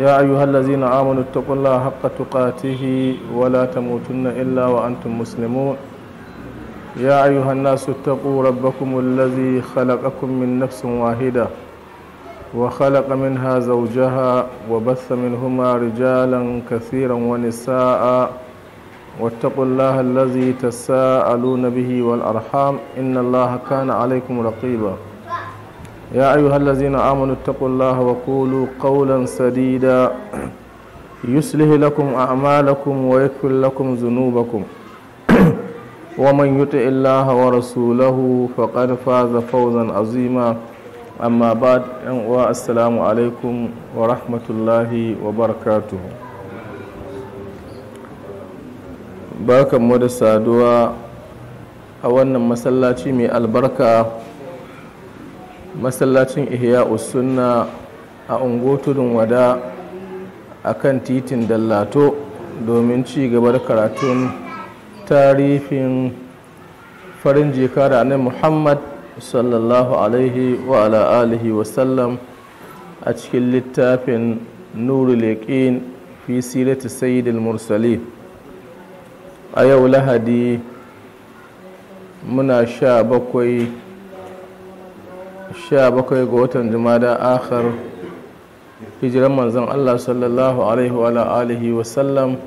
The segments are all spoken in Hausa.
ya ayu hallazi na amunu tukunla haƙa tukatihi wa la ta mutunna illa wa an tun musulmi ya ayu hanna su ta ƙura bakumun lazi khalaƙa kumin nafsin wahida wa khalaƙa min ha zauje ha wa basa min huma rijalan kafiran wani sa'a wa ta ƙunla hallazi ta sa'alu na bihi wal arham inna Allah haka na alaikum raƙiba. يا أيها الذين آمنوا اتقوا الله وقولوا قولا سديدا يصلح لكم أعمالكم ويكفر لكم ذنوبكم ومن يطع الله ورسوله فقد فاز فوزا عظيما أما بعد السلام عليكم ورحمة الله وبركاته بركة مدى سادوا أولا مسلاتي من البركة masallacin ihya sunna a tudun wada a kan titin dallato domin ci gaba da karatun tarihin farin jika da annabi muhammad sallallahu alaihi wa ala wasallam a cikin littafin nuru leƙin fi sirati sayyidil mursalin a yau lahadi muna sha bakwai 17 ga watan jumada akhar hijiran manzon Allah sallallahu alaihi wa alihi wa sallam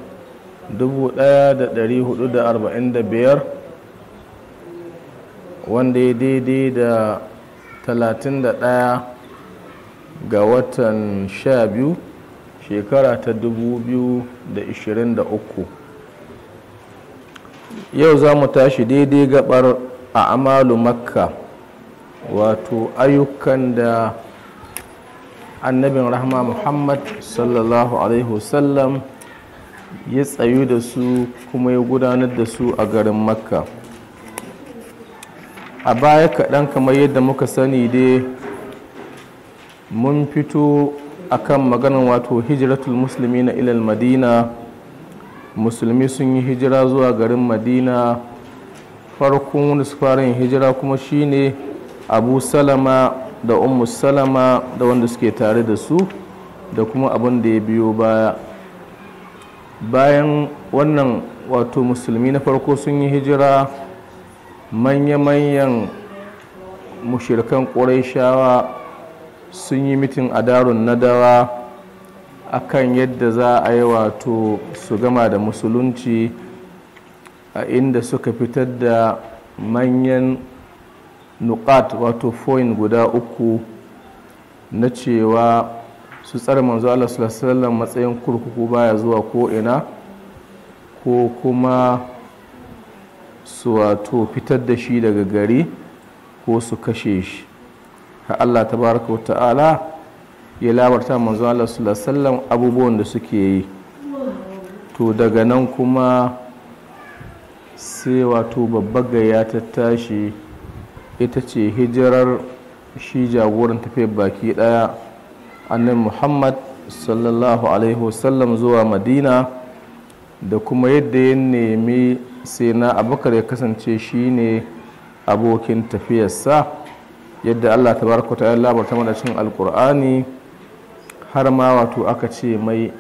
1445 wanda ya daidai da 31 ga watan 12 shekara ta 2023 yau za mu tashi daidai gabar a amalu makka wato ayyukan da annabin rahama muhammad sallallahu alaihi wasallam ya tsayu da su kuma ya gudanar da su a garin makka a baya kaɗan kamar yadda muka sani dai mun fito a kan maganin wato hijiratul musulmi na ilal madina musulmi sun yi hijira zuwa garin madina farkon wani su fara yin hijira kuma shine ne abu salama da ummu salama da wanda suke tare da su da kuma abin da ya biyo baya bayan wannan wato musulmi na farko sun yi hijira manya-manyan mushirkan shawa sun yi mitin a darun nadawa akan yadda za a yi wato su gama da musulunci a inda suka fitar da manyan nukat wato foin guda uku na cewa su tsara manzo Allah sallallahu matsayin kurkuku baya zuwa ko ina ko kuma su wato fitar da shi daga gari ko su kashe shi ha Allah tabaraka wa ta'ala ya labarta manzo Allah sallallahu abubuwan da suke yi to daga nan kuma sai wato babbar gayya ta tashi ita ce hijirar shi jagoran tafiyar baki daya annabi muhammad sallallahu alaihi wasallam zuwa madina da kuma yadda ya nemi sai na abokar ya kasance shi ne abokin tafiyarsa yadda allah ta baraka ta yi labarta mana cin alkur'ani har ma wato aka ce mai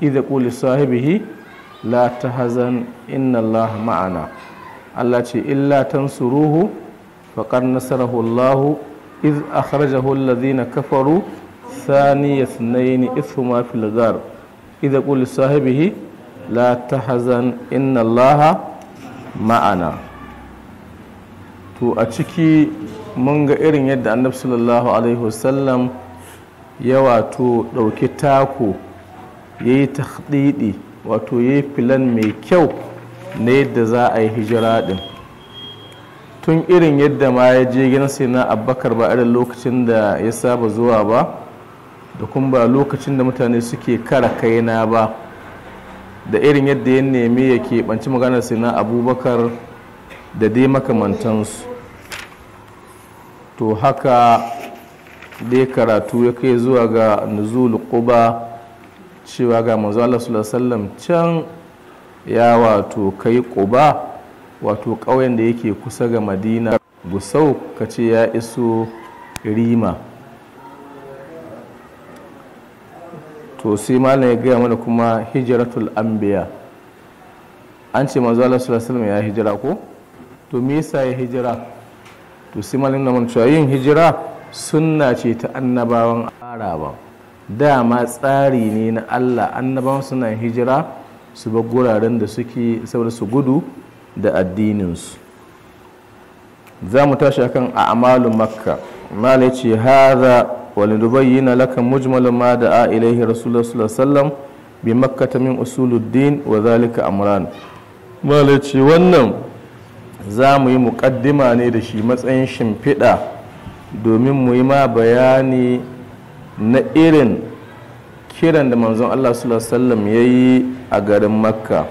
idha quli sahibihi la tahzan inna allaha ma'ana allah ce illa tansuruhu faƙar nasarahu Allahu iz akhrajahu allazina kafaru ثاني اثنين إثما في الغار إذا قل لصاحبه لا تحزن إن الله معنا to a ciki mun ga irin yadda annabi sallallahu alaihi wasallam ya wato ɗauki tako ya yi tahdidi wato ya yi filan mai kyau na yadda za a yi hijira ɗin tun irin yadda ma ya je gidan na abbakar ba irin lokacin da ya saba zuwa ba da kuma ba lokacin da mutane suke kara kaina ba da irin yadda ya nemi ya keɓanci maganar sai na abubakar da dai makamantansu to haka dai karatu ya kai zuwa ga nuzul quba cewa ga manzo Allah sallallahu can ya wato kai quba wato ƙauyen da yake kusa ga madina gusau ka ce ya iso rima to sai malam ya gaya mana kuma hijiratul anbiya an ce mazu ala sallallahu ya hijira ko to me yasa ya hijira to sai malam na mun cewa yin hijira sunna ce ta annabawan araba dama tsari ne na Allah annabawan suna hijira su bar guraren da suke saboda su gudu da addininsu za mu tashi akan a a'amalin makka mala ce haza wani na lakan mujmalin ma da a ilaihi rasulullah sallam bi makka ta min usuluddin wa zalika amran mala ce wannan za mu yi muƙaddima ne da shi matsayin shimfiɗa domin mu yi ma bayani na irin kiran da manzon allah sallam ya yi a garin makka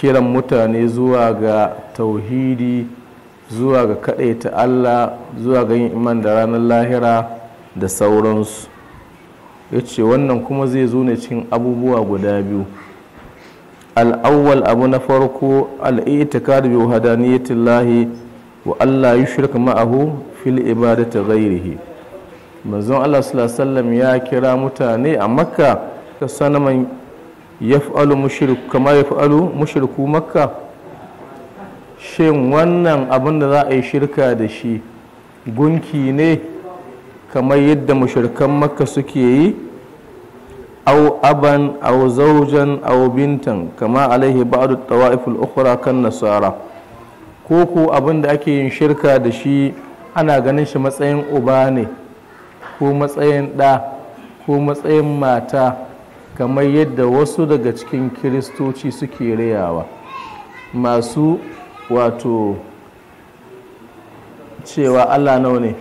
kiran mutane zuwa ga tauhidi zuwa ga kaɗaita Allah zuwa ga yin iman da ranar lahira da sauransu ya ce wannan kuma zai zo ne cikin abubuwa guda biyu al'awwal abu na farko al'itikar biyu hadaniyatin lahi wa Allah yi shirka ma'ahu fil ibadata ghairihi manzon Allah sallallahu ya kira mutane a makka ka sanaman yaf'alu mushriku kama yaf'alu mushriku makka shin wannan abin da za a yi shirka da shi gunki ne kamar yadda mushrikan makka suke yi au aban au zaujan au bintan kama alaihi ba'du tawa'iful ukhra kan nasara ko ko abin da ake yin shirka da shi ana ganin shi matsayin uba ne ko matsayin ɗa ko matsayin mata kamar yadda wasu daga cikin kiristoci suke rayawa masu wato cewa allah nau ne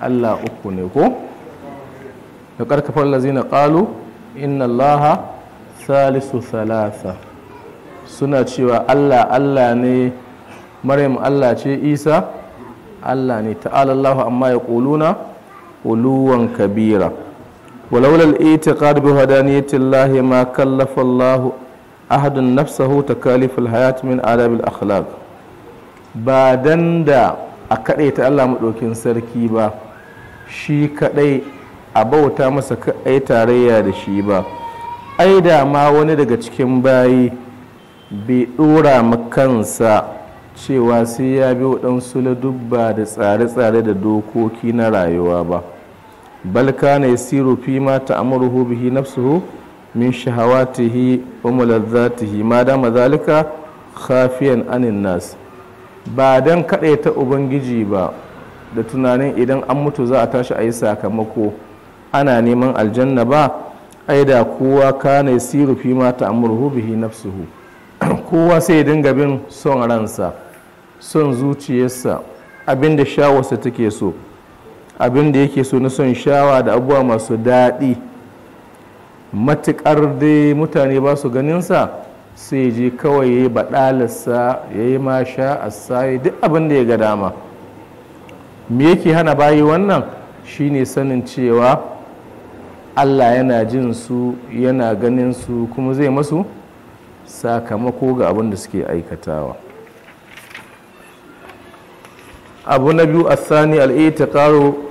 allah uku ne ko da ƙarƙafar lazina ƙalu inna allaha salisu salasa suna cewa allah allah ne maryam allah ce isa allah ne ta'alallahu amma ya ƙuluna uluwan kabira ولولا الاعتقاد بهدانية الله ما كلف الله أحد نفسه تكاليف الحياة من آداب الأخلاق بعدن دا أكأيت الله مدوكين سركي با شي كأي أبو مسا كأي تاريا دا شي با أي دا ما وني دا باي bayi مكانسا شي واسيا cewa sai ya bi waɗansu ladubba da tsare-tsare da dokoki bal kana yasiru fi ma ta'muruhu bihi nafsuhu min shahawatihi wa mulazzatihi ma dama zalika khafiyan anin nas ba dan ta ubangiji ba da tunanin idan an mutu za a tashi a yi sakamako ana neman aljanna ba ai da kowa kana yasiru fi ma ta'muruhu bihi nafsuhu kowa sai dinga bin son ransa son zuciyarsa abinda shawarsa take so abin da yake so na son shawa da abubuwa masu daɗi matuƙar dai mutane ba su ganinsa sai je kawai ya yi baɗalarsa ya yi masha assaye duk abin da ya ga dama me yake hana bayi wannan shine sanin cewa allah yana jin su yana ganin su kuma zai masu sakamako ga abin da suke aikatawa abu na biyu a sani al'ita karo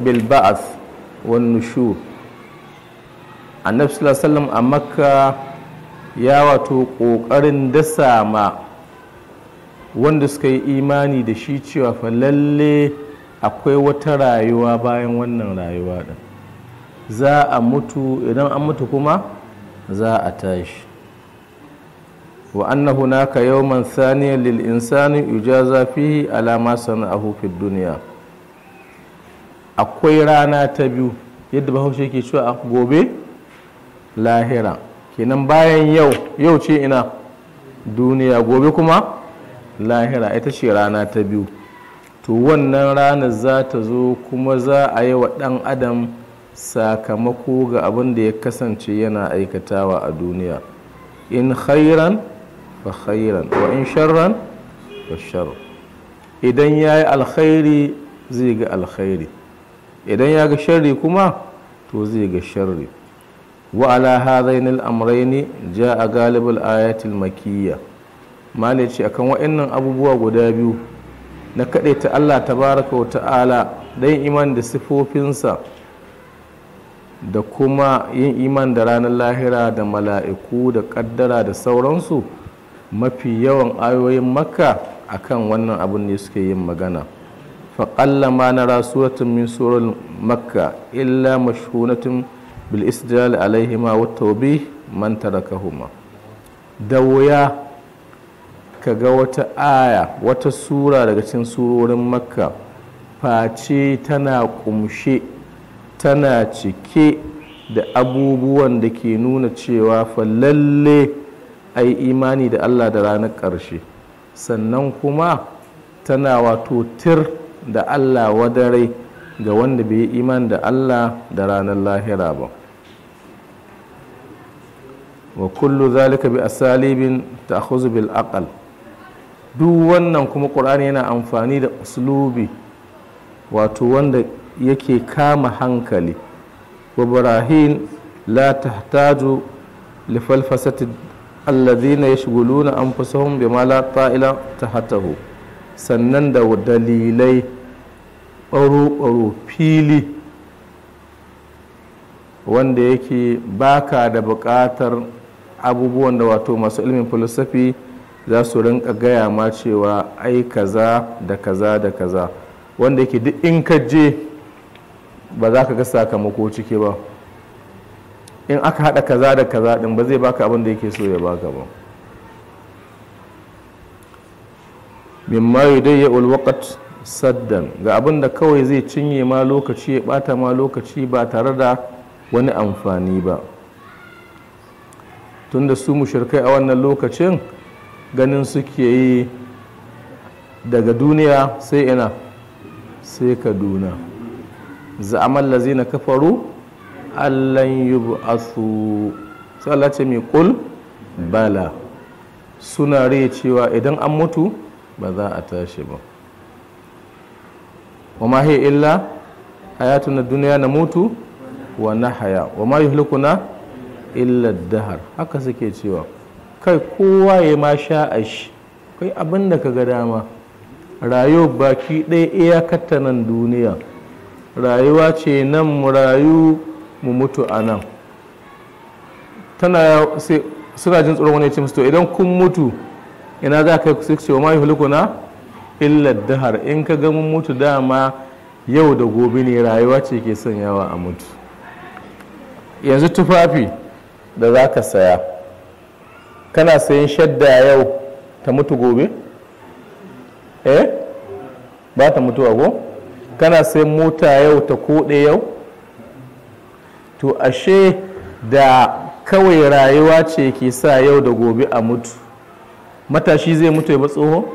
bilba'as ba'ath wan annabi sallallahu alaihi wasallam a makka ya wato kokarin dasa ma wanda suka yi imani da shi cewa fa lalle akwai wata rayuwa bayan wannan rayuwa din za a mutu idan an mutu kuma za a tashi wa anna hunaka yawman saniya lil insani yujaza fihi ala ma sana'ahu fid duniya. akwai rana ta biyu yadda bahaushe ke cewa gobe lahira kenan bayan yau yau ce ina duniya gobe kuma lahira ita ce rana ta biyu to wannan rana za ta zo kuma za a yi wa ɗan adam sakamako ga abin da ya kasance yana aikatawa a duniya in khairan fa khairan wa in sharran fa shar idan ya yi alkhairi zai ga alkhairi idan ya ga sharri kuma to zai ga sharri wa ala hadain ja a galibul ayatul makiyya mali ce akan wa'annan abubuwa guda biyu na ta Allah tabaraka wa ta'ala dan iman da sifofinsa da kuma yin iman da ranar lahira da mala'iku da kaddara da sauransu mafi yawan ayoyin makka akan wannan abun ne suke yin magana فقل ما نرى سورة من سور مكة إلا مشهونة بالاستدلال عليهما والتوبيه من تركهما دويا kaga wata aya wata sura daga cikin surorin makka face tana kumshe tana cike da abubuwan da ke nuna cewa fa lalle ai imani da allah da ranar ƙarshe sannan kuma tana wato tir da Allah wadare ga wanda bai yi iman da Allah da ranar lahira ba wa kullu zalika bi asalibin ta bil aqal duk wannan kuma ƙur'ani yana amfani da uslubi wato wanda yake kama hankali wa barahin la tahtaju li falfasati alladhina yashghuluna anfusahum bima la ta'ila tahtahu sannan da dalilai ɓaro-ɓaro fili wanda yake baka da buƙatar abubuwan da wato masu ilimin filosofi za su rinka gaya ma cewa ai kaza da kaza da kaza wanda yake duk in ka je ba za ka ga sakamako ciki ba in aka haɗa kaza da kaza ɗin ba zai baka abin da yake so ya baka ba mimma ya ulwakat saddan ga abin da kawai zai cinye ma lokaci ya bata ma lokaci ba tare da wani amfani ba tunda su mushirkai a wannan lokacin ganin suke yi daga duniya sai ina sai kaduna za'amal lazina kafaru allan yub'athu sai Allah ce mai kul bala suna rai cewa idan an mutu ba za a tashi ba wa ma hiya illa hayatun duniya na mutu wa na haya wa ma yuhlikuna illa dahar haka suke cewa kai kowa ya ma sha sha'ashi kai abin da ka ga dama rayuwa baki ɗaya iyakata nan duniya rayuwa ce nan mu rayu mu mutu a nan tana suna jin tsoron wani ce musu to idan kun mutu ina za ka yi cewa ma hulukuna. illa dahar in ka ga mun mutu dama yau da gobe ne rayuwa ce ke sanyawa a mutu yanzu tufafi da za ka saya kana sayan shadda yau ta mutu gobe eh ba ta mutu go kana sayan mota yau ta koɗe yau to ashe da kawai rayuwa ce ke sa yau da gobe a mutu matashi zai mutu ya ba tsoho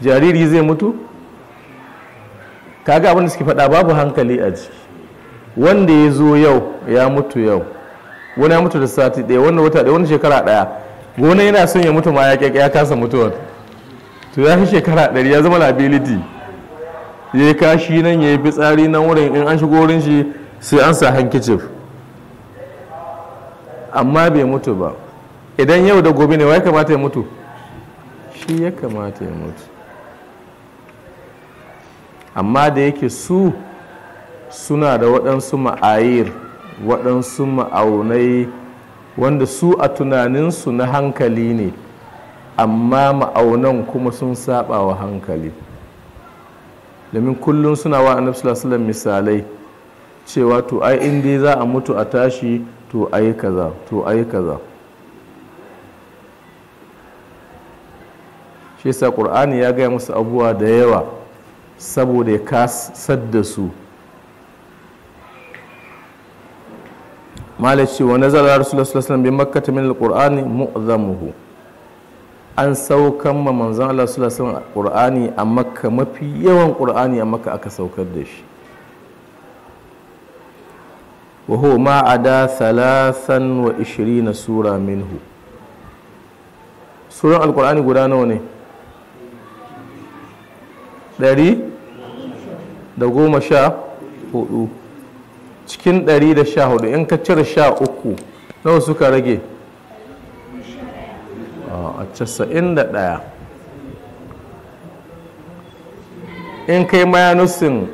jariri zai mutu kaga abin da suke faɗa babu hankali a ciki wanda ya zo yau ya mutu yau wani ya mutu da sati ɗaya wani wata ɗaya wani shekara ɗaya gona yana son ya mutu ma ya kyakya ya kasa mutuwar to ya fi shekara ɗari ya zama liability ya yi kashi nan ya yi fitsari nan wurin in an shigo wurin shi sai an sa hankicif amma bai mutu ba idan yau da gobe ne wa ya kamata ya mutu shi ya kamata ya mutu amma da yake su suna da waɗansu ma'ayir waɗansu ma'aunai wanda su a tunaninsu na hankali ne amma ma'aunan kuma sun saba wa hankali domin kullum suna wa annabi sallallahu misalai cewa to ai in dai za a mutu a tashi to ai kaza to ai kaza shi sa ƙur'ani ya gaya musu abubuwa da yawa saboda ya kasar da su malaci wa nazarar rasulullah sallallahu alaihi makkata min alqur'ani mu'zamuhu an saukan ma manzon Allah sallallahu alaihi wasallam qur'ani a makka mafi yawan qur'ani a makka aka saukar da shi wa huwa ma ada 23 sura minhu suran alqur'ani guda nawa ne ɗari da goma sha hudu cikin ɗari da sha hudu in ka cire sha uku nawa suka rage a casa'in da ɗaya in ka yi mayanusin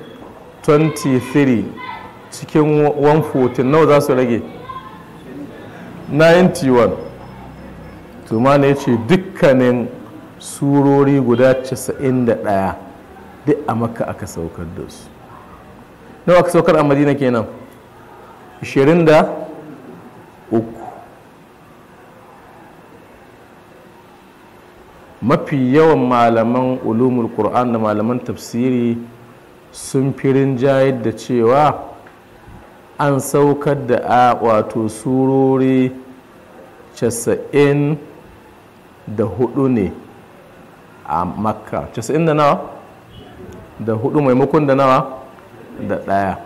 23 cikin 114 nawa za su rage 91 tumana ya ne ce dukkanin surori guda 91 duk a makka aka saukar da su nawa aka saukar a madina kenan 23 mafi yawan malaman ulumul qur'an da malaman tafsiri sun firin jayar da cewa an saukar da a wato surori 94 ne a makka 90 da nawa da hudu maimakon da nawa da ɗaya.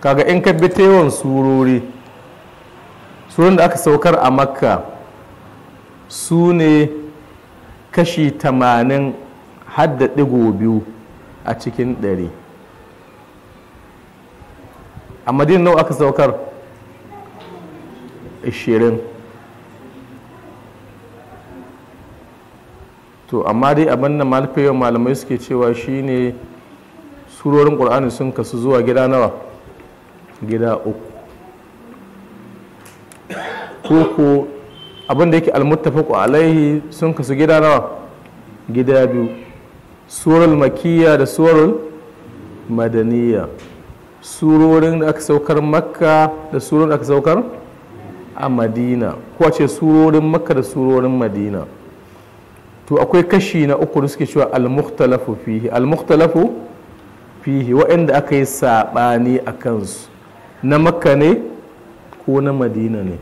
kaga in ka bi yawan surori surorin da aka saukar a makka su ne kashi tamanin hadda digo biyu a cikin ɗari a madina nawa aka saukar Ishirin. to amma dai abin da malfayon malamai suke cewa shine surorin ƙur'ani sun kasu zuwa gida nawa gida uku koko abin da yake almuttafaku alaihi sun kasu gida nawa gida biyu surul makiyya da surul madaniya surorin da aka saukar makka da surorin da aka saukar a madina ko ce surorin makka da surorin madina to akwai kashi na uku da suke cewa al-mukhtalafu fihi al-mukhtalafu fihi waɗanda aka yi saɓani a kansu na makka ne ko na madina ne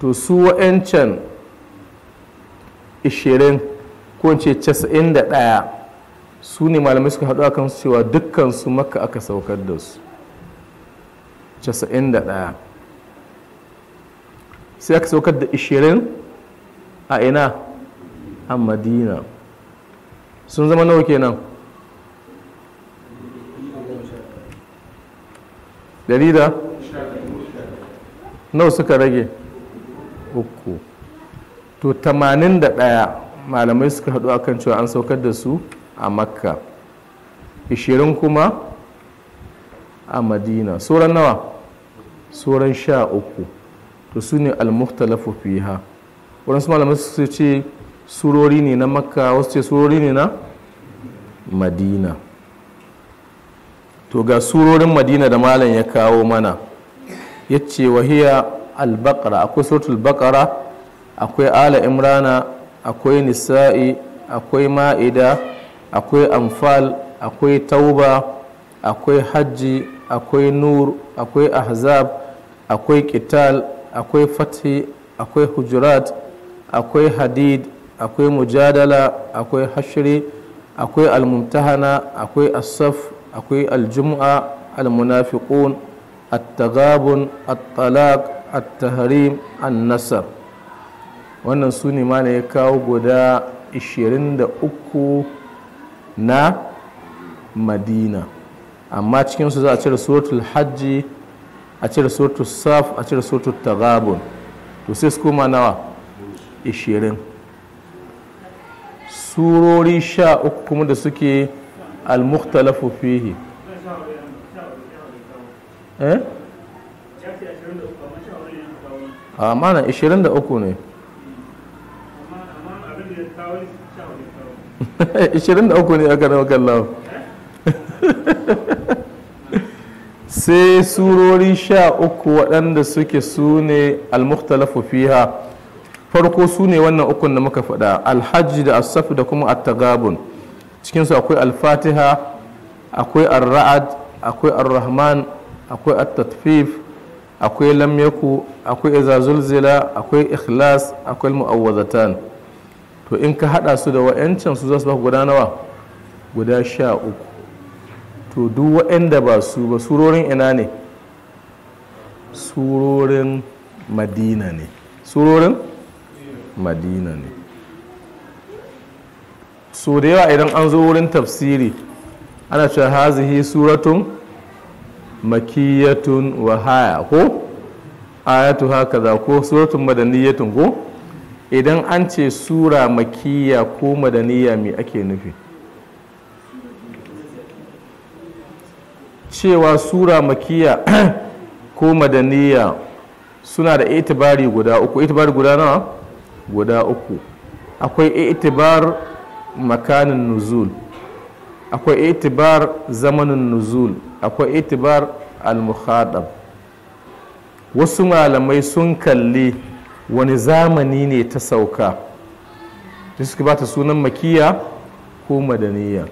to su waɗancan 20 ko ce 91 su ne malamai suka haɗu a kansu cewa dukkansu makka aka saukar da su 91 sai aka saukar da 20 a ina a madina sun zama nawa kenan 100 da nawa suka rage uku to 81 malamai suka hadu akan cewa an saukar da su a makka 20 kuma a madina sauran nawa sauran sha uku to su ne almuhtalafu fiha waɗansu malamai su ce surori ne na makka wasu ce surori ne na madina to ga surorin madina da malam ya kawo mana ya ce wahiya albakara akwai suratul albakara akwai ala imrana akwai nisa'i akwai ma'ida akwai amfal akwai tauba akwai hajji akwai nur akwai ahzab akwai kital akwai fathi akwai hujurat akwai hadid akwai mujadala akwai hashiri akwai almumtahana akwai asaf akwai aljum'a almunafiqun attagabun attalaq at-tahrim an-nasr wannan su ne mana ya kawo guda 23 na madina amma cikinsu za a cire suratul hajji a cire suratul saf a cire suratul tagabun to sai su koma nawa ishirin surori sha uku kuma da suke al-mukhtalafu fihi eh a 23 ne 23 ne aka sai surori sha uku waɗanda suke su ne al-mukhtalafu fiha farko su ne wannan ukun da muka faɗa alhaji da asafi da kuma attagabun cikinsu akwai alfatiha akwai arra'ad akwai arrahman akwai attatfif akwai lamyaku akwai izazulzila akwai ikhlas akwai mu'awwazatan to in ka hada su da wa'ancan su zasu baka guda nawa guda sha uku to duk wa'anda ba su ba surorin ina ne surorin madina ne surorin madina ne so da yawa idan an zo wurin tafsiri ana cewa hazihi suratun makiyatun wahaya ko ayatu haka za ko suratun madaniyatun ko idan an ce sura makiya ko madaniya me ake nufi cewa sura makiya ko madaniya suna da itibari guda uku itibari guda nawa guda uku akwai itibar makanin nuzul akwai itibar zamanin nuzul akwai itibar al-mukhadab wasu malamai sun kalli wani zamani ne ta sauka da suka bata sunan makiya ko madaniya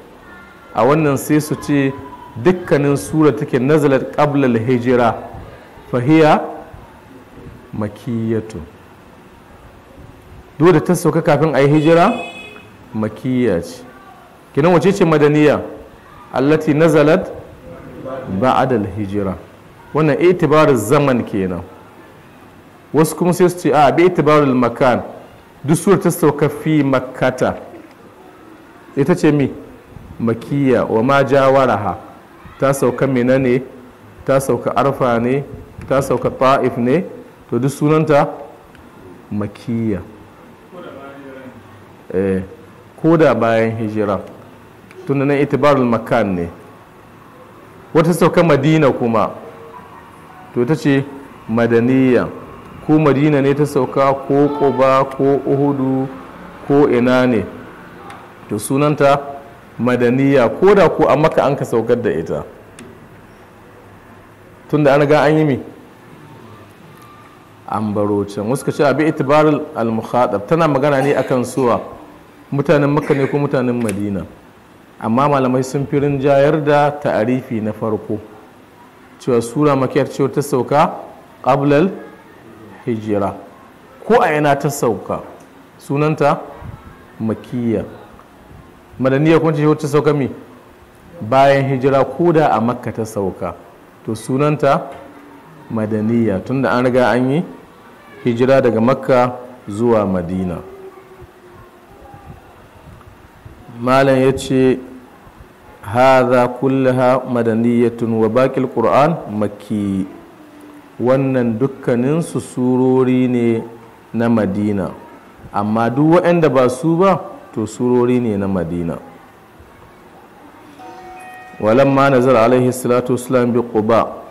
a wannan sai su ce dukkanin sura take nazalar qabla hijira, hijra fahiya makiyatu duk da ta sauka kafin a yi hijira makiyya ce kinan wace ce madaniya allati nazalat da hijira wannan itibarin zaman kenan wasu kuma sai su ce a bi itibarin makan duk sura ta sauka fi makata ita ce mi makiya wa ma jawaraha ta sauka mina ne ta sauka arfa ne ta sauka ta'if ne to duk sunanta makiya Eh, ko da bayan hijira tunda nan itibarul makan ne wata sauka madina kuma to ta ce madaniya ko madina ne ta sauka ko kuba ko uhudu ko ina ne to sunanta madaniya ko da ko a maka an ka saukar da ita tunda an ga an yi mi an baro can wasu ka ce abi itibarul al-mukhadab tana magana ne akan suwa mutanen makka ne ko mutanen madina amma malamai sun fi rinjayar da ta'arifi na farko cewa sura makiyar cewa ta sauka ƙablal hijira ko a yana ta sauka sunanta makiyya madaniya kuma cewa ta sauka mi bayan hijira ko da a makka ta sauka to sunanta madaniya tunda an riga an yi hijira daga makka zuwa madina malam ya ce haza kullaha madaniyatun wa baƙil ƙur'an maki wannan dukkaninsu surori ne na madina amma duk waɗanda ba su ba to surori ne na madina ma nazar alaihi salatu wasalam bi quba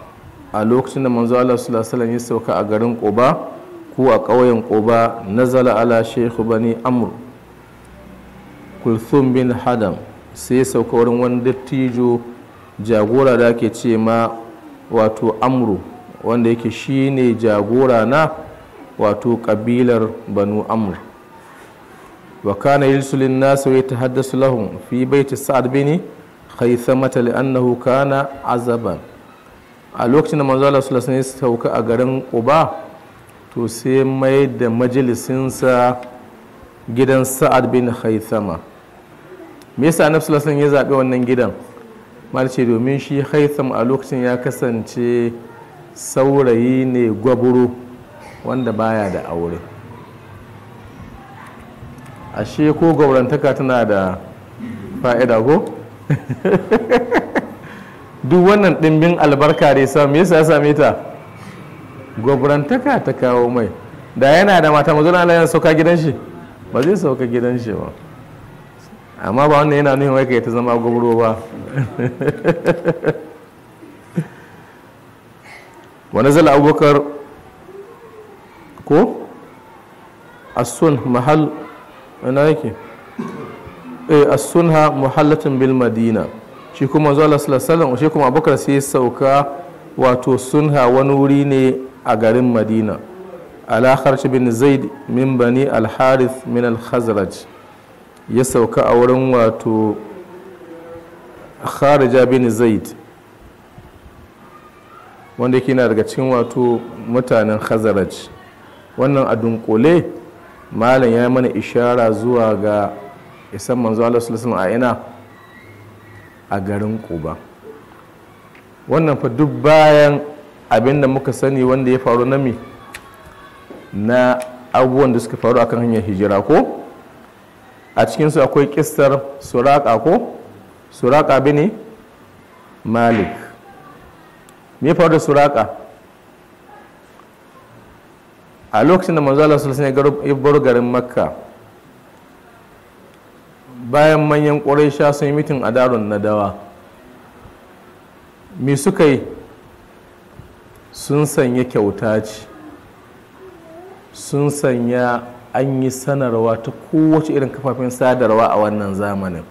a lokacin da manzo Allah sallallahu alaihi ya sauka a garin quba ko a ƙauyen quba nazala ala shaykh bani amr kulthum bin hadam sai sauka wurin wani dattijo jagora da ake ce ma wato amru wanda yake shine jagora na wato kabilar banu amru. wa kana yilsu nasu ya ta haddasa lahun fi ta sa'ad bin khaythamata li annahu kana azaban a lokacin da manzo Allah sallallahu alaihi sauka a garin Quba to sai mai da majalisinsa gidan Sa'ad bin Khaythama me yasa annabi sallallahu alaihi ya zabe wannan gidan mal domin shi haitham a lokacin ya kasance saurayi ne gwaburo wanda baya da aure ashe ko gaurantaka tana da fa'ida ko duk wannan ɗimbin albarka da ya me yasa ya same ta gwaburantaka ta kawo mai da yana da mata mazuna Allah sauka gidan shi ba zai sauka gidan shi ba amma ba wannan yana nuhin wai kai ta zama gwamro ba wani zala abokar ko asun mahal ina yake eh asun ha muhallatin bil madina shi kuma zuwa sallallahu shi kuma abokar sai sauka wato sunha wani wuri ne a garin madina ala shi bin zaid min bani al harith min al ya sauka a wurin wato kharija bin zaid wanda yake na daga cikin wato mutanen khazaraj wannan a dunkule malam ya mana ishara zuwa ga isan manzo Allah sallallahu a ina a garin Quba wannan fa duk bayan abin da muka sani wanda ya faru na mi na abubuwan da suka faru akan hanyar hijira ko a cikinsu akwai kistar suraka ko suraka ne, malik me faru da suraka a lokacin da manzala sulasa ne bar garin makka bayan manyan ƙwarai sun yi mitin a darun dawa. me suka yi sun sanya kyauta ce sun sanya an yi sanarwa ta kowace irin kafafen sadarwa a wannan zamanin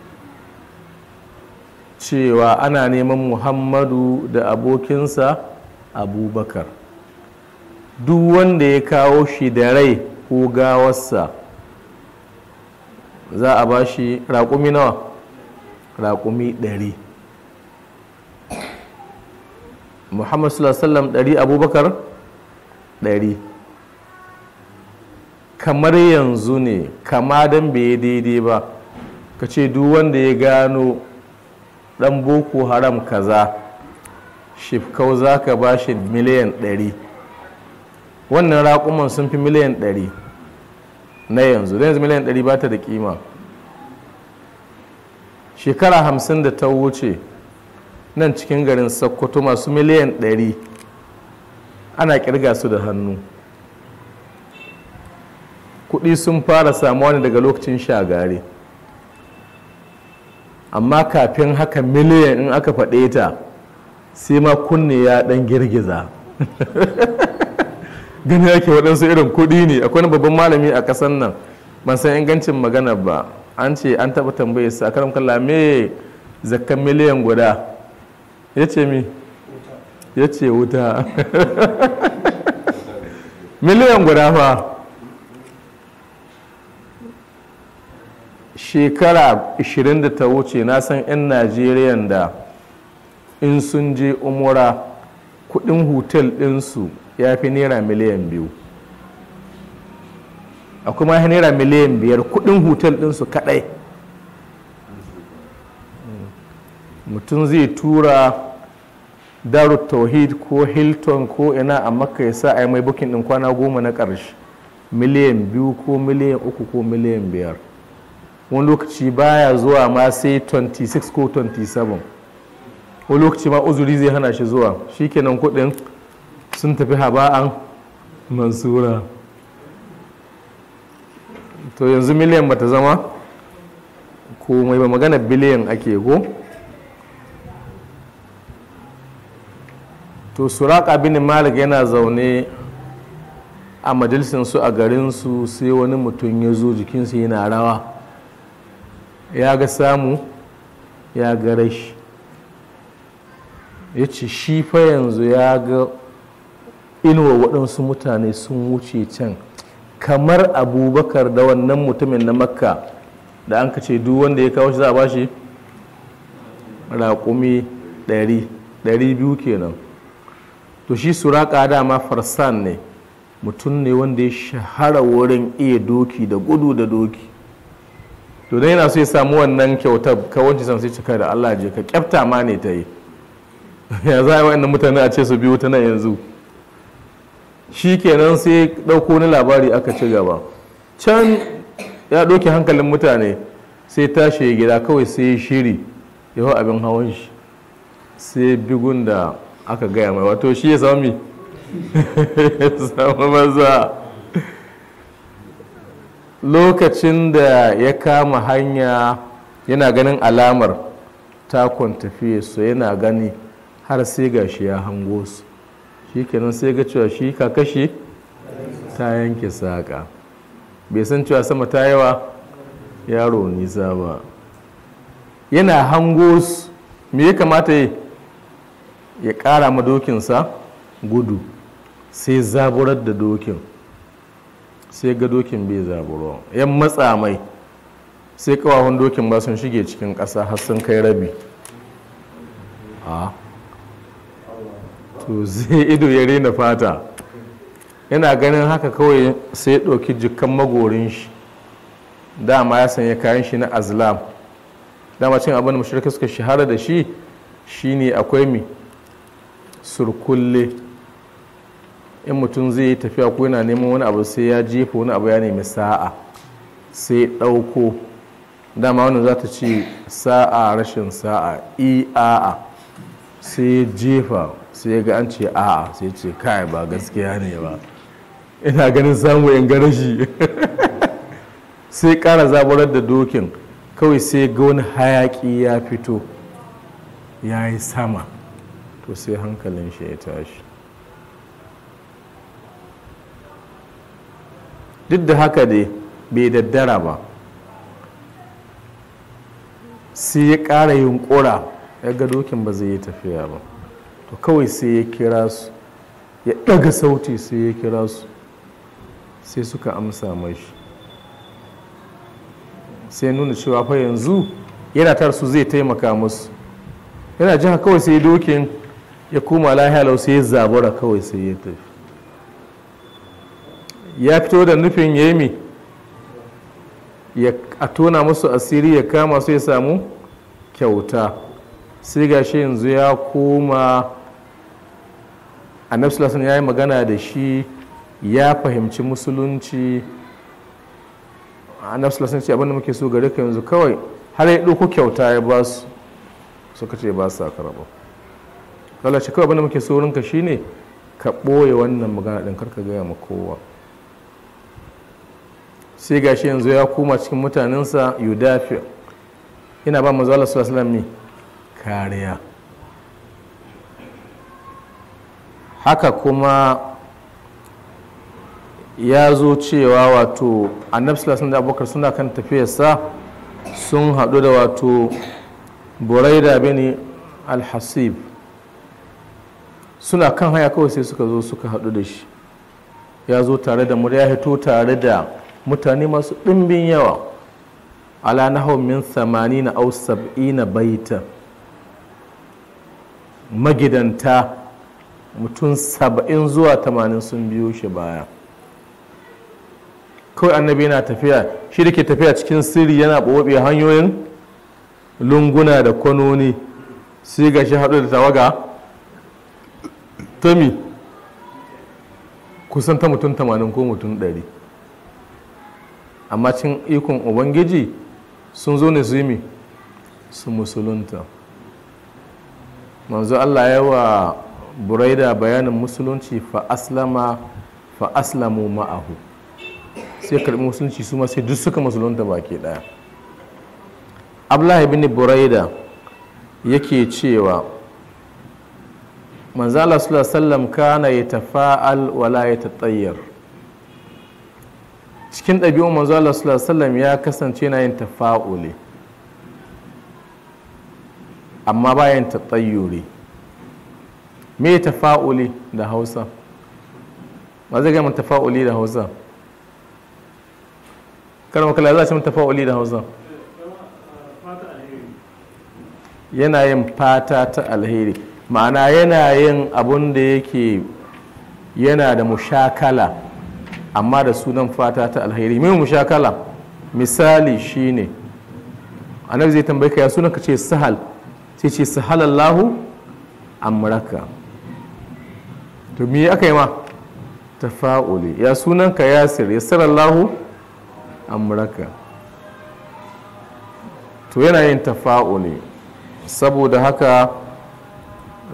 cewa ana neman muhammadu da abokinsa abubakar duk wanda ya kawo shi da rai ko gawarsa za a ba shi raƙumi nawa raƙumi ɗari muhammadu sallallahu alaihi ɗari abubakar ɗari kamar yanzu ne kama don bai daidai ba ka ce duk wanda ya gano dan boko haram kaza shifkau za ka ba shi miliyan 100 wannan raƙuman sun fi miliyan 100 na yanzu yanzu miliyan 100 ba ta da kima shekara hamsin da ta wuce nan cikin garin sokoto masu miliyan 100 ana kirga su da hannu kuɗi sun fara samuwa ne daga lokacin shagari amma kafin haka miliyan in aka faɗe ta sai ma kunne ya ɗan girgiza gani yake waɗansu irin kuɗi ne akwai babban malami a ƙasar nan ban san ingancin magana ba an ce an taɓa tambaye su a karam kalla me zakkan miliyan guda ya ce mi ya ce wuta miliyan guda fa shekara 20 da ta wuce na san 'yan najeriyan da in sun je umura kudin hotel ɗinsu ya fi naira miliyan biyu a kuma ya naira miliyan biyar kudin hotel ɗinsu kadai mutum zai tura darut tauhid ko hilton ko ina a maka ya sa a yi mai bukin ɗin kwana goma na ƙarshe miliyan biyu ko miliyan uku ko miliyan biyar wani lokaci baya zuwa ma sai 26 ko 27 wani lokaci ma uzuri zai hana shi zuwa shikenan kudin sun tafi haba'an mansura to yanzu miliyan bata zama ko mai ba magana biliyan ake go to suraka bin malik yana zaune a majalisinsu a garinsu sai wani mutum ya zo jikinsu yana rawa ya ga samu ya ga rashi ya ce shi fa yanzu ya ga inuwa waɗansu mutane sun wuce can kamar abubakar da wannan mutumin na makka da an ce duk wanda ya kawo shi za a bashi raƙumi 100 200 kenan to shi suraka dama farsan ne mutum ne wanda ya shahara wurin iya doki da gudu da doki to dai yana so ya samu wannan kyautar kawanci san sai cika da Allah je ka kyafta ma ne ta yi ya za a wa'annan mutane a ce su biyu ta nan yanzu shi kenan sai ɗauko na labari aka ci gaba can ya ɗauke hankalin mutane sai tashi gida kawai sai shiri ya hau abin hawan shi sai bigun da aka gaya mai wato shi ya samu sami samu maza lokacin da ya kama hanya yana ganin alamar takon tafiye su yana gani har sai ga shi ya hango su shi kenan sai ga cewa shi kakashi ta yanke saƙa bai san cewa sama ta yawa yaro nisa ba yana hango su me ya kamata yi ya ƙara ma sa gudu sai zaburar da dokin sai ga dokin bai zaburo yan matsa mai sai kawahun dokin ba sun shige cikin ƙasa har sun kai rabi a to zai ido ya rena fata yana ganin haka kawai sai ɗauki jikan magorin shi dama ya sanya kayan shi na azlam dama cin abin da mashirka suka shahara da shi shine akwai mi surkulle in mutum zai yi tafiya ko yana neman wani abu sai ya jefa wani abu ya nemi sa'a sai ɗauko dama wani za ta ce sa'a rashin sa'a i a'a sai jefa sai ya ga an ce a'a sai ce kai ba gaskiya ne ba ina ganin samu in ga sai ƙara zaburar da dokin kawai sai ga wani hayaƙi ya fito ya yi sama to sai hankalin shi ya tashi duk da haka ne bai daddara ba sai ya ƙara kura ya ga dokin ba zai yi tafiya ba to kawai sai ya kira su ya ɗaga sauti sai ya kira su sai suka amsa mashi sai nuna cewa fa yanzu yana tar su zai taimaka musu yana jiha kawai sai dokin ya koma lahiya lau sai ya zabura kawai sai ya tafi ya fito da nufin yemi a tona musu asiri ya kama su ya samu kyauta sai ga shi yanzu ya koma a nafsulasan ya yi magana da shi ya fahimci musulunci a nafsulasan ce abinda muke so gare ka yanzu kawai har ya ɗauko kyauta ya ba su suka ce ba a karɓa lalace kawai abinda muke so shi shine ka ɓoye wannan magana ɗin karka gaya ma kowa sai shi yanzu ya koma cikin mutanensa yudafiya ina ba mazu Allah sallallahu alaihi kariya haka kuma ya zo cewa wato annabi sallallahu da abubakar suna kan tafiyarsa sun haɗu da wato buraida bin al-hasib suna kan haya kawai sai suka zo suka haɗu da shi ya zo tare da murya ya hito tare da mutane masu ɗimbin yawa ala hau min 80 au 70 baita magidanta mutum saba'in zuwa tamanin sun biyo shi baya kawai annabi yana tafiya shi da ke tafiya cikin sirri yana ɓoɓe hanyoyin lunguna da kwanoni sai ga shi haɗu da tawaga tami kusan ta mutum tamanin ko mutum ɗari amma cin ikon ubangiji sun zo ne su yi su musulunta manzo Allah ya wa buraida bayanin musulunci fa aslama fa aslamu ma'ahu sai karbi musulunci su ma sai duk suka musulunta baki daya abdullahi bin buraida yake cewa manzo Allah sallallahu alaihi wasallam kana yatafa'al wala yatatayyar cikin ɗabi'un manzo Allah sallallahu alaihi ya kasance yana yin tafa'uli amma bayan tsayyuri, me tafa'uli da Hausa ma zai gama tafa'uli da Hausa kana kala za ce tafa'uli da Hausa yana yin fata ta alheri ma'ana yana yin abun da yake yana da mushakala amma da sunan fata ta alheri mai mushakala misali shine annabi zai tambayi ka ya sunan ka ce sahal sai ce sahalallahu amraka to me aka yi ma tafa'uli ya sunan ka yasir yassarallahu amraka to yana yin tafa'uli saboda haka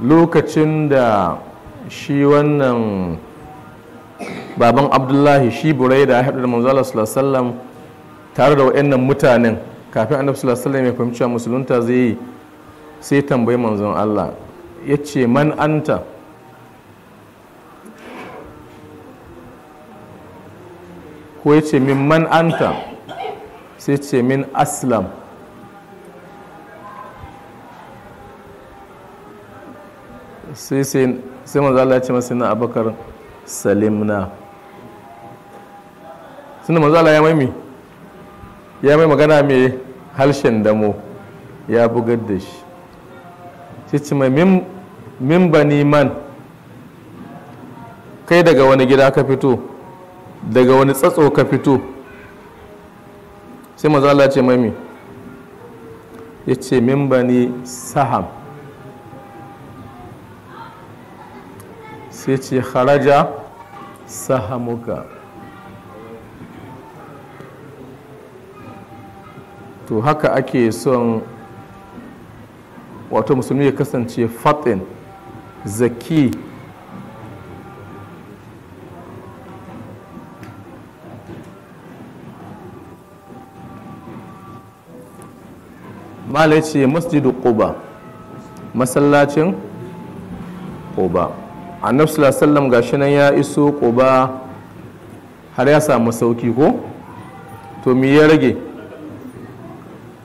lokacin da shi wannan baban abdullahi shi buraida ya haɗu da manzala sallallahu tare da wa'annan mutanen kafin annabi sallallahu ya fahimci musulunta zai yi sai tambayi manzon Allah ya ce man anta ko ya ce min man anta sai ce min aslam sai sai manzala ya ce masu na abakar salimna suna mazala ya maimi ya mai magana mai harshen damo ya bugar da shi cici mai min bani man kai daga wani gida ka fito daga wani tsatso ka fito sai mazala ce maimi ya ce min bani saham sai ce haraja sahamuka to haka ake son wato musulmi ya kasance fatin zaki malai ce masjidu quba masallacin quba annabi sallallahu gashi nan ya iso ƙuba har ya samu sauki ko to me ya rage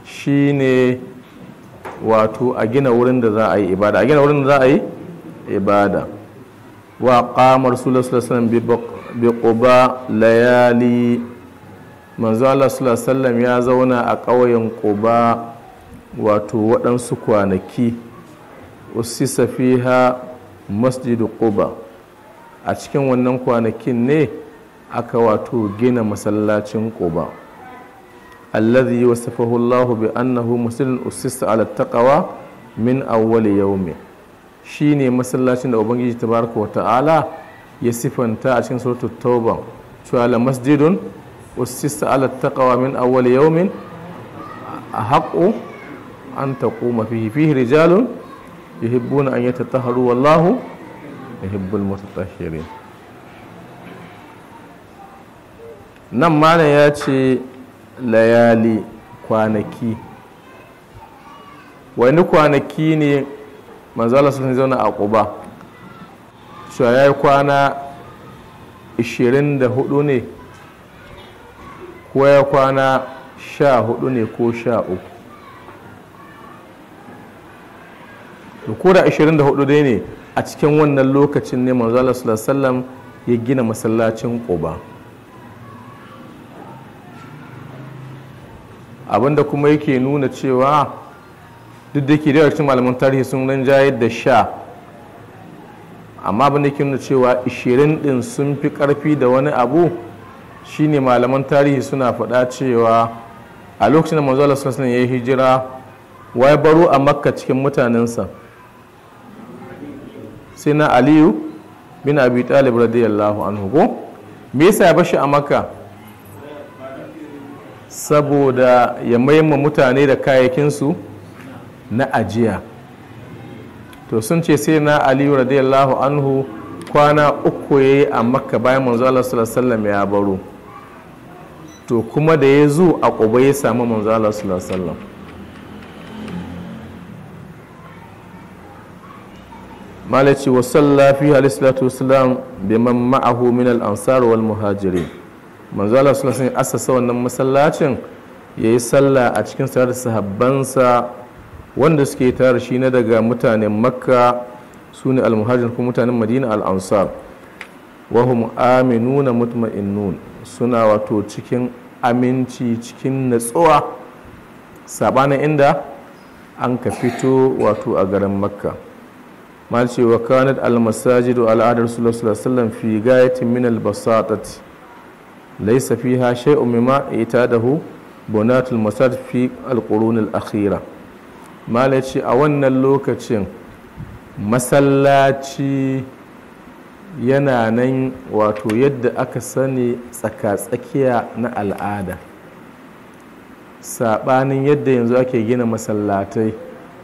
shine wato a gina wurin da za a yi ibada a gina wurin da za a yi ibada wa qama rasulullahi sallallahu alaihi wasallam bi quba layali manzo Allah sallallahu alaihi ya zauna a ƙauyen quba wato waɗansu kwanaki usisa fiha masjidu quba a cikin wannan kwanakin ne aka wato gina masallacin quba yi wasafahu Allah bi annahu musulun usista ala taqwa min awwali yawmi shine masallacin da ubangiji tabaraka wa ta'ala ya sifanta a cikin suratu tauba cewa la masjidun usista ala taqwa min awwali yawmin haqqu an taquma fihi fihi rijalun yuhibbuna an yatatahharu wallahu yuhibbul mutatahhirin nan malam ya ce layali kwanaki wani kwanaki ne manzala sun zauna a Quba cewa ya yi kwana 24 ne ko ya kwana 14 ne ko 13 da ko da 24 dai ne a cikin wannan lokacin ne manzo Allah ya gina masallacin ƙoba abinda kuma yake nuna cewa duk da ke da cikin malaman tarihi sun jayar da sha amma abinda ke nuna cewa 20 din sun fi karfi da wani abu shine malaman tarihi suna faɗa cewa a lokacin da manzo Allah sallallahu alaihi ya hijira wai baro a makka cikin mutanensa sai na aliyu bin abi talib radiyallahu anhu ko me yasa ya bashi a makka saboda ya maimma mutane da su na ajiya to sun ce sai na aliyu radiyallahu anhu kwana uku ya a makka bayan manzo Allah sallallahu ya baro to kuma da ya zo a ƙuba ya samu manzo Allah sallallahu malaci wa sallafi alisalatu wasalam bi man ma'ahu min al-ansar wal muhajiri. manzo Allah sallallahu alaihi asasa wannan masallacin yayi sallah a cikin sa da sahabbansa wanda suke tare shi na daga mutanen makka sune al-muhajirin kuma mutanen madina al-ansar wa hum aminuna mutma'innun suna wato cikin aminci cikin natsuwa sabanin inda an ka fito wato a garin makka mal ce wa kanat almasajidu al'adar sallallahu fi gayatin min albasatat laysa fiha ita da hu bonatul masajid fi alqurun akhira mal ce a wannan lokacin masallaci yana nan wato yadda aka sani tsakatsakiya na al'ada saɓanin yadda yanzu ake gina masallatai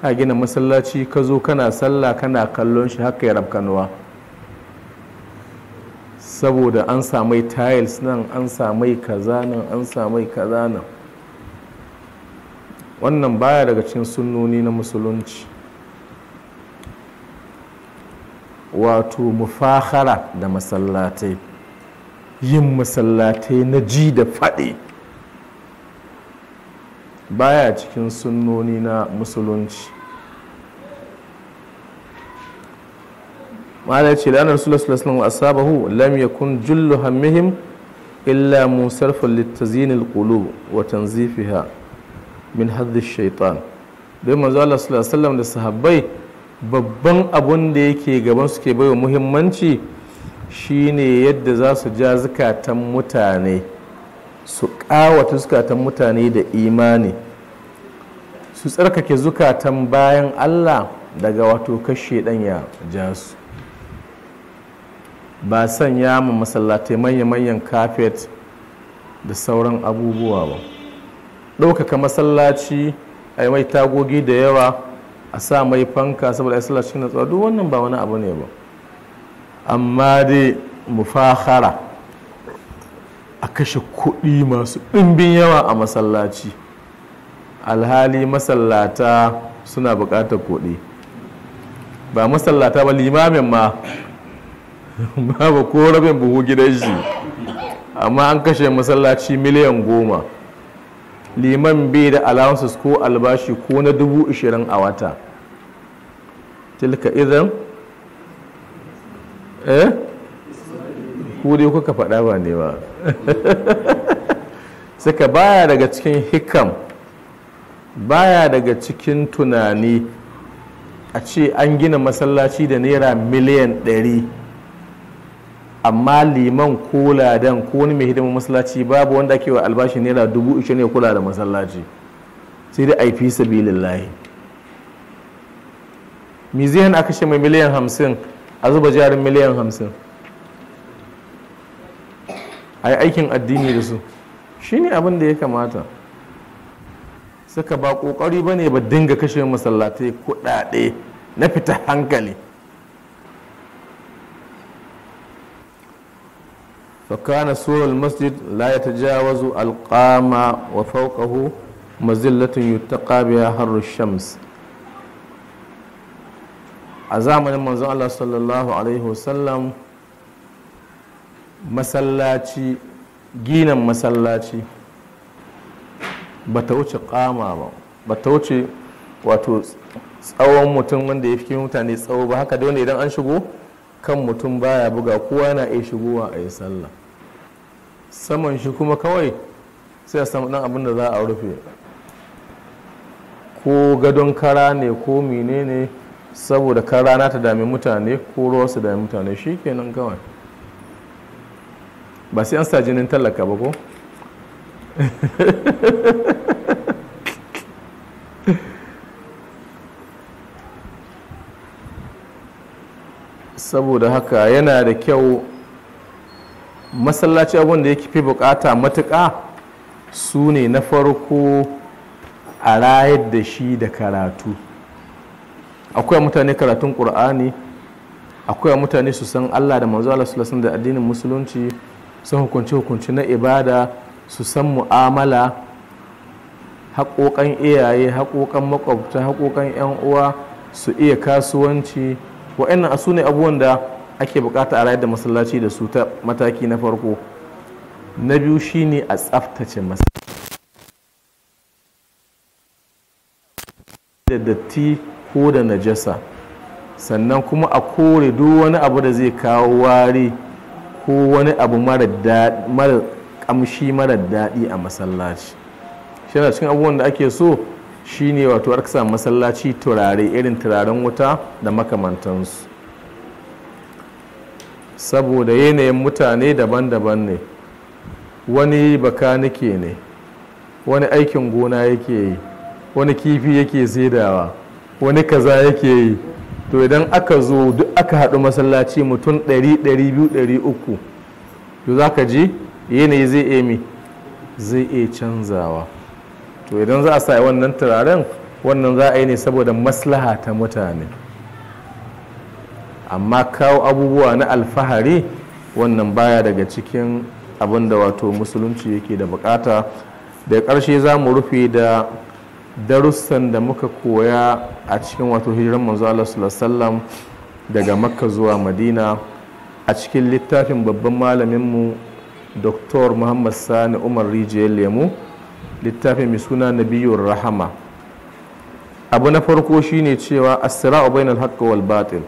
a gina masallaci ka zo kana sallah kana kallon shi haka ya rabkanuwa saboda an samai tiles nan an samai kaza nan an samai kaza nan wannan baya daga cikin sunnoni na musulunci wato mufahara da masallatai yin masallatai na ji da faɗi baya cikin sunnoni na musulunci ma'ana ce la'anar sulasulaslan wa asabahu lam yakun jullu hammihim illa musarfin littazinil qulub wa tanzifiha min haddi shaitan don manzo Allah sallallahu da sahabbai babban abun da yake gaban suke baiwa muhimmanci shine yadda za su ja zukatan mutane ƙawata zukatan mutane da imani su tsarkake zukatan bayan allah daga wato kashe ja su. ba sanya ma masallatai manya-manyan kafet da sauran abubuwa ba ɗaukaka masallaci a mai tagogi da yawa a sa mai fanka saboda ya sallaci na duk wannan ba wani abu ne ba amma dai mufahara a kashe kuɗi masu ɗimbin yawa a masallaci alhali masallata suna buƙatar kuɗi ba masallata ba limamin ma babu ko rabin buhu gidan shi amma an kashe masallaci miliyan goma liman bai da allowances ko albashi ko na dubu ishirin a wata tilka idan eh ko dai kuka faɗa ba ne ba suka baya daga cikin hikam baya daga cikin tunani a ce an gina masallaci da naira miliyan ɗari amma liman kula dan ko wani mai hidimar masallaci babu wanda ake wa albashi naira dubu ishirin ya kula da masallaci sai dai aifi sabilillahi miziyan aka ce mai miliyan hamsin a zuba jarin miliyan hamsin a yi aikin addini da su shi ne abin da ya kamata suka ba ƙoƙari ba ne ba dinga kashe masallatai kuɗaɗe na fita hankali فكان سور المسجد لا يتجاوز القامة وفوقه مزلة ta ƙabiya har shams. a zamanin manzon Allah sallallahu alaihi wasallam masallaci ginan masallaci ba ta wuce kama ba ba ta wuce wato tsawon mutum wanda ya fi mutane tsawo ba haka da wanda idan an shigo kan mutum baya buga kowa yana iya shigowa a yi sallah saman shi kuma kawai sai a samu dan abin da za a rufe ko gadon kara ne ko menene saboda kara na ta dami mutane ko ruwa su dami mutane shi kenan kawai ba sai an sa jinin tallaka ba ko saboda haka yana da kyau masallaci abin da ya fi bukata matuka su ne na farko a rayar da shi da karatu akwai mutane karatun ƙur'ani akwai mutane su san allah da manzo allah da addinin musulunci san hukunce-hukunce na ibada su san mu'amala haƙoƙan iyaye haƙoƙan makwabta haƙoƙan 'yan uwa su iya kasuwanci wa'annan a su ne abubuwan da ake bukata a rayar da masallaci da su ta mataki na farko na biyu shine a tsaftace masallaci da datti ko da najasa sannan kuma a kore duk wani abu da zai kawo wari ko wani abu mara kamshi mara daɗi a masallaci shi yana cikin abubuwan da ake so shine wato aka masallaci turare irin turaren wuta da makamantansu saboda yanayin mutane daban-daban ne wani baka bakanike ne wani aikin gona yake yi wani kifi yake saidawa wani kaza yake yi to idan aka zo aka haɗu masallaci mutum 100-200-300 to za ka ji yanayi zai iya zai iya canzawa to idan za a sa wannan turaren wannan za a yi ne saboda maslaha ta mutane amma kawo abubuwa na alfahari wannan baya daga cikin abin da wato musulunci yake da bukata da ƙarshe za mu rufe da darussan da muka koya a cikin wato hijiran manzo Allah sallallahu alaihi wasallam daga makka zuwa madina a cikin littafin babban malaminmu dr muhammad sani umar rijiyar lemu littafin mai suna nabiyun rahama abu na farko shine cewa asira bainal haqq wal batil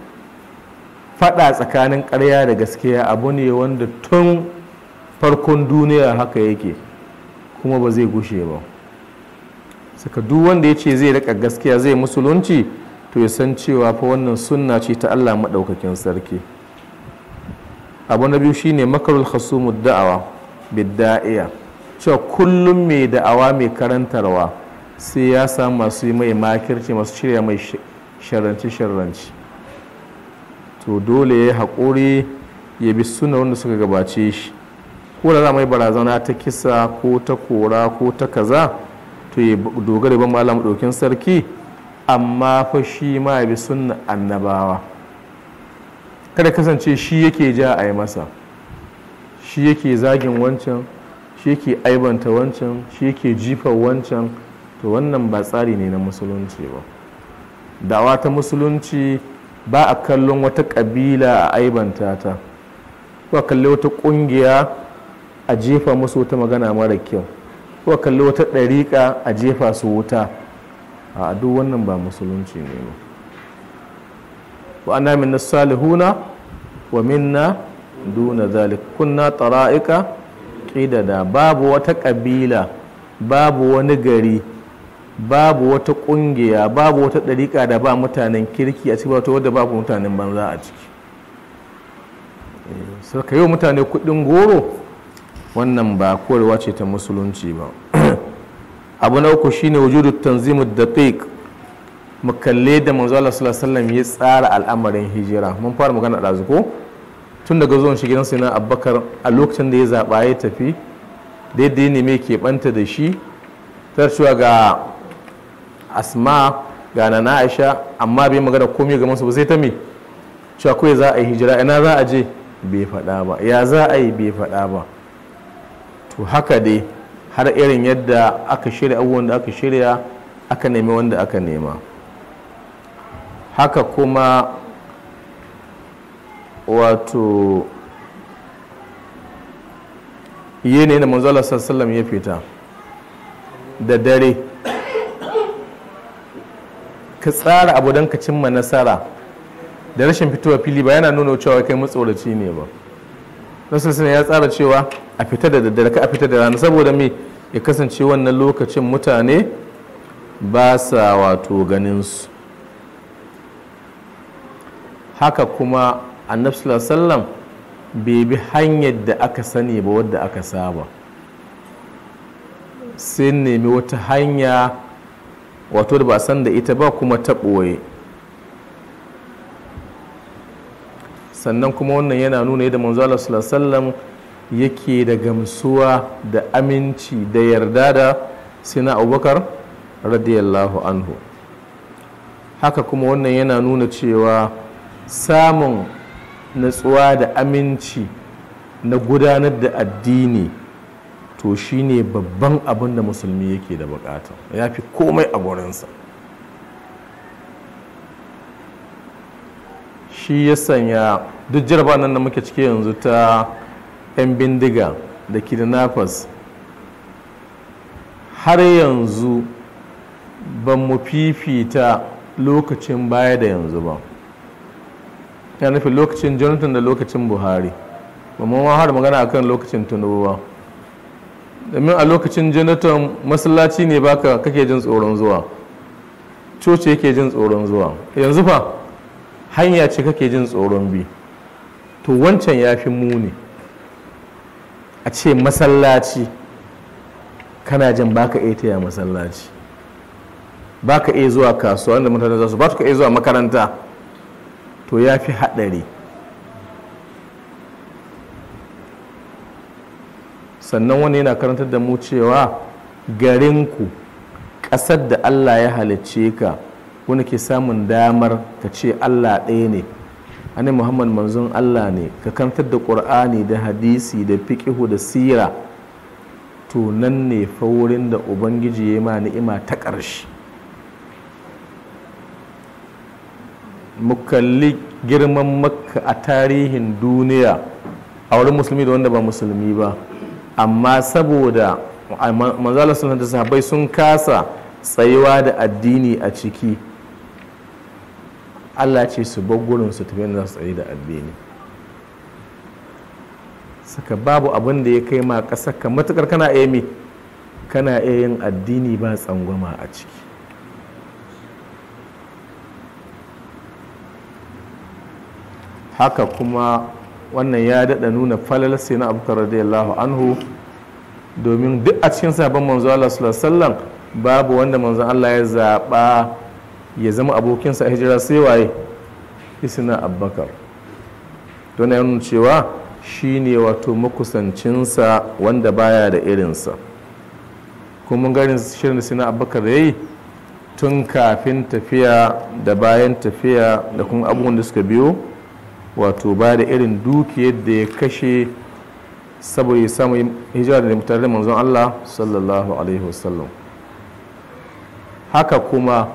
fada tsakanin ƙarya da gaskiya abu ne wanda tun farkon duniya haka yake kuma ba zai gushe ba saka duk wanda ya ce zai rika gaskiya zai musulunci to ya san cewa fa wannan sunna ce ta Allah maɗaukakin sarki abu na biyu shine makarul khasumu da'awa bidda'iya cewa kullum mai da'awa mai karantarwa sai ya samu masu yi mai makirci masu shirya mai sharranci sharranci to dole ya haƙuri ya bi suna wanda suka gabace shi ko da mai barazana ta kisa ko ta kora ko ta kaza to ya dogara ba mu Allah sarki amma fa shi ma bi sunna annabawa kada kasance shi yake ja a yi masa shi yake zagin wancan shi yake aibanta wancan shi yake jifar wancan to wannan ba tsari ne na musulunci ba dawa ta musulunci ba a kallon wata kabila a aibanta ta ko a kalli wata ƙungiya a jefa musu wata magana mara kyau ko a kalli wata ɗariƙa a jefa su wuta a duk wannan ba musulunci ne ba wa ana minna salihuna wa minna duna zalik kunna tara'ika qidada babu wata kabila babu wani gari babu wata kungiya babu wata dariƙa da ba mutanen kirki a cikin ba babu mutanen banza a ciki eh, sarka yau mutane kudin goro wannan ba korewa ce ta musulunci ba abu na uku shine wujudu tanzimu da mu makalle da manzo Allah sallallahu alaihi wasallam ya tsara al'amarin hijira mun fara magana ɗazu ko tun daga zuwan shi gidan na Abubakar a lokacin da ya zaba ya tafi da yadda ya ke banta da shi tarcewa ga Asma ga Nana Aisha amma bai magana komai ga masu ba sai ta me cewa ko za a hijira ina za a je bai faɗa ba ya za a yi bai faɗa ba to haka dai har irin yadda aka shirya abubuwan da aka shirya aka nemi wanda aka nema haka kuma wato yi da manzala ya fita da dare ka tsara abu don ka cimma nasara da rashin fitowa fili ba yana nuna cewa kai matsoraci ne ba nasasin ya tsara cewa a fita da daddare ka a fita da rana saboda mai ya kasance wannan lokacin mutane ba sa wato ganinsu haka kuma annabi sallam bai bi hanyar da aka sani ba wadda aka saba sai nemi wata hanya wato da ba san da ita ba kuma ta ɓoye sannan kuma wannan yana nuna yadda manzo Allah sallallahu alaihi yake da gamsuwa da aminci da yarda da sina abubakar radiyallahu anhu haka kuma wannan yana nuna cewa samun natsuwa da aminci na gudanar da addini to shine babban abin da musulmi yake da bukata ya fi komai a gurinsa shi ya sanya duk jirba nan da muke ciki yanzu ta 'yan bindiga da kidnappers har yanzu ban mu fifita lokacin baya da yanzu ba ya nufi lokacin jonathan da lokacin buhari ba mu har magana akan lokacin tunubu ba domin a lokacin jonathan masallaci ne baka kake jin tsoron zuwa coci yake jin tsoron zuwa yanzu fa hanya ce kake jin tsoron bi to wancan ya fi muni a ce masallaci kana jin baka iya taya masallaci baka iya zuwa kasuwa da mutane za su ba ka iya zuwa makaranta to ya fi haɗari sannan wani yana karantar da mu cewa garinku ƙasar da allah ya halicce ka wani ke samun damar ka ce Allah ɗaya ne annabi Muhammad manzon Allah ne ka kantar da ƙur'ani da hadisi da fiƙihu da sira to nan ne fa da ubangiji ya ma ni'ima ta ƙarshe mu girman makka a tarihin duniya a wurin musulmi da wanda ba musulmi ba amma saboda manzala sun da sahabbai sun kasa tsayuwa da addini a ciki allah ce su bar gurin su tafi da su tsaye da addini saka babu abin da ya kai ma ƙasar ka matukar kana iya kana iya yin addini ba tsangwama a ciki haka kuma wannan ya daɗa nuna falal sai na abubakar radiyallahu anhu domin duk a cikin sabon manzo Allah sallallahu babu wanda manzo Allah ya zaɓa ya zama abokinsa a hijira sai waye isna abubakar don ya nuna cewa shi ne wato makusancinsa wanda baya da irinsa kuma garin shirin sina abubakar ya yi tun kafin tafiya da bayan tafiya da kuma abubuwan da suka biyo wato ba da irin dukiyar da ya kashe saboda ya samu hijira da mutane manzon Allah sallallahu alaihi wasallam haka kuma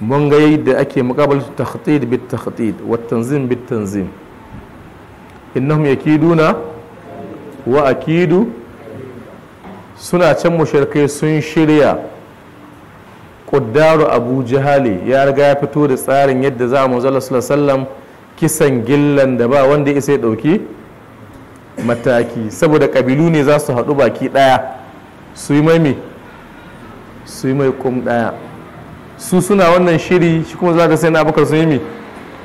mun ga yadda ake muqabal takhtid bit takhtid wa tanzim bit tanzim innahum yakiduna wa akidu suna can mushrikai sun shirya ƙuddaru abu jihali ya riga ya fito da tsarin yadda za mu zala sallam kisan gillan da ba wanda isa ya ɗauki mataki saboda ƙabilu ne za su haɗu baki ɗaya su yi mai su mai kum ɗaya su suna wannan shiri shi kuma za ka sai na abokar sun yi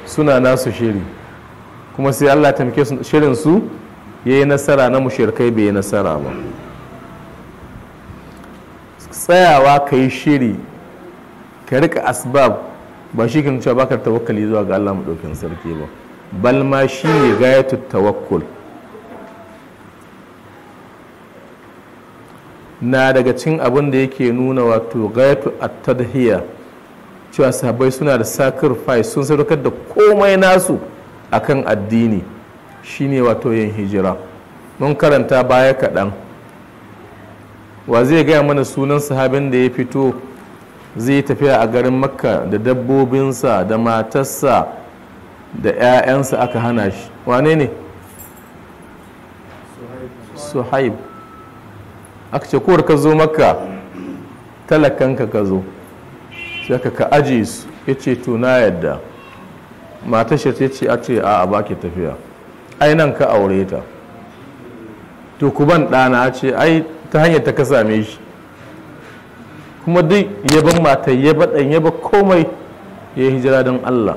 suna nasu shiri kuma sai allah tamke shirin su ya yi nasara na mushirkai bai yi nasara ba tsayawa ka yi shiri ka rika asbab ba shi kan cewa bakar tawakkali zuwa ga allah maɗaukin sarki ba balma shi ne gayatu tawakkul na daga cin abin da yake nuna wato gayatu at-tadhiya cewa sahabbai suna da sacrifice sun sadaukar da komai nasu akan addini shine wato yin hijira mun karanta baya kaɗan wa zai gaya mana sunan sahabin da ya fito zai tafiya a garin makka da dabbobinsa da matarsa da 'ya'yansa aka hana shi wane ne suhaib aka ce kowar ka zo makka talakanka ka zo shi aka ka aji su ya ce tuna yadda mata shi ta ce a ce a a baki tafiya ai nan ka aure ta to ku ban ɗana ce ai ta hanyar ta ka same shi kuma duk yaban mata yaba ɗan yaba komai ya yi hijira don allah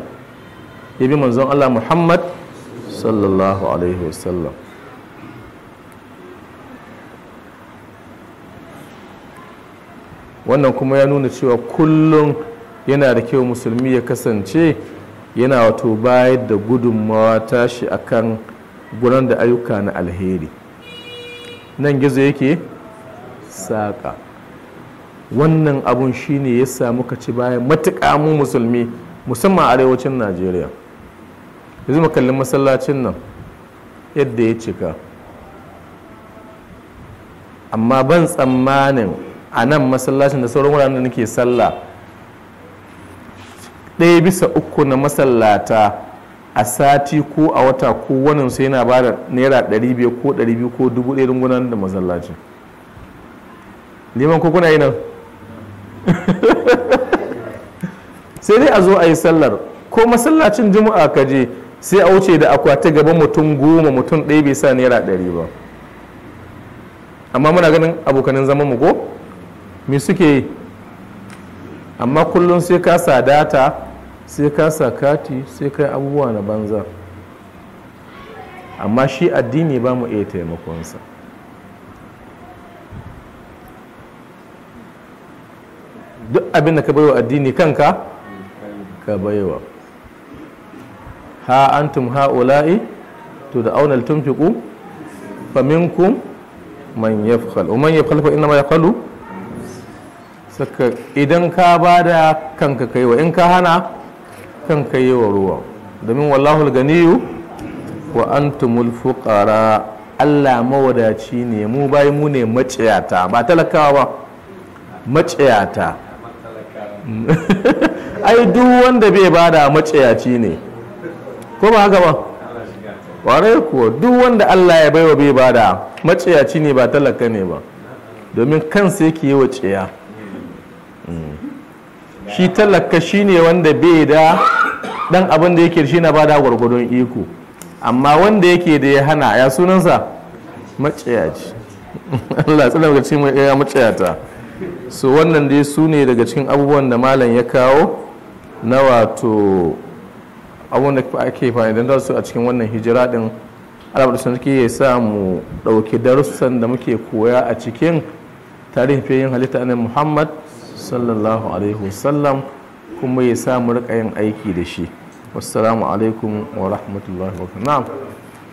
ya bi manzon allah muhammad sallallahu alaihi wasallam wannan kuma ya nuna cewa kullum yana da kyau musulmi ya kasance yana wato bayar da gudunmawa tashi kan guran da ayyuka na alheri nan gizo yake saƙa wannan abun shine ya samu kaci bayan matuƙa mu musulmi musamman arewacin najeriya yanzu mu kalli masallacin nan yadda ya cika amma ban tsammanin a nan masallacin da sauran wuraren da nake sallah ɗaya bisa uku na masallata a sati ko a wata ko wannan sai yana ba da naira 500 ko 200 ko 1000 don gudanar da masallaci. neman ko kuna yi nan sai dai a zo a yi sallar ko masallacin juma'a ka je sai a wuce da akwati gaban mutum goma mutum ɗaya bai sa naira 100 ba amma muna ganin abokanin zaman mu ko me suke yi amma kullum sai ka sa data sai ka sa kati sai ka abubuwa na banza amma shi addini ba mu iya taimakonsa duk abin da ka baiwa addini kanka ka baiwa ha antum ha'ula'i to da aunal tunfiku faminkum man yafkhal wa man yafkhal fa inna ma saka idan ka ba da kanka kai wa in ka hana kanka yi wa ruwa domin wallahul ganiyu wa antumul fuqara Allah mawadaci ne mu bai mu ne maciyata ba talakawa ba maciyata ai duk wanda bai da maciyaci ne ko ba haka ba ware kuwa duk wanda Allah ya baiwa bai da maciyaci ne ba talaka ne ba domin kansa yake yi wa ciya shi talaka shi ne wanda bai da dan abin da yake shi na bada gwargwadon iko amma wanda yake da ya hana ya sunansa maciyaci Allah tsanar ga cikin ya maciyata so wannan dai su ne daga cikin abubuwan da malam ya kawo na wato abubuwan da ake fani don su a cikin wannan hijira din alabar suke ya sa mu ɗauki darussan da muke koya a cikin tarihin fiye yin halitta annabi muhammad sallallahu alaihi wasallam kuma ya samu rika yin aiki da shi wassalamu alaikum wa rahmatullahi wa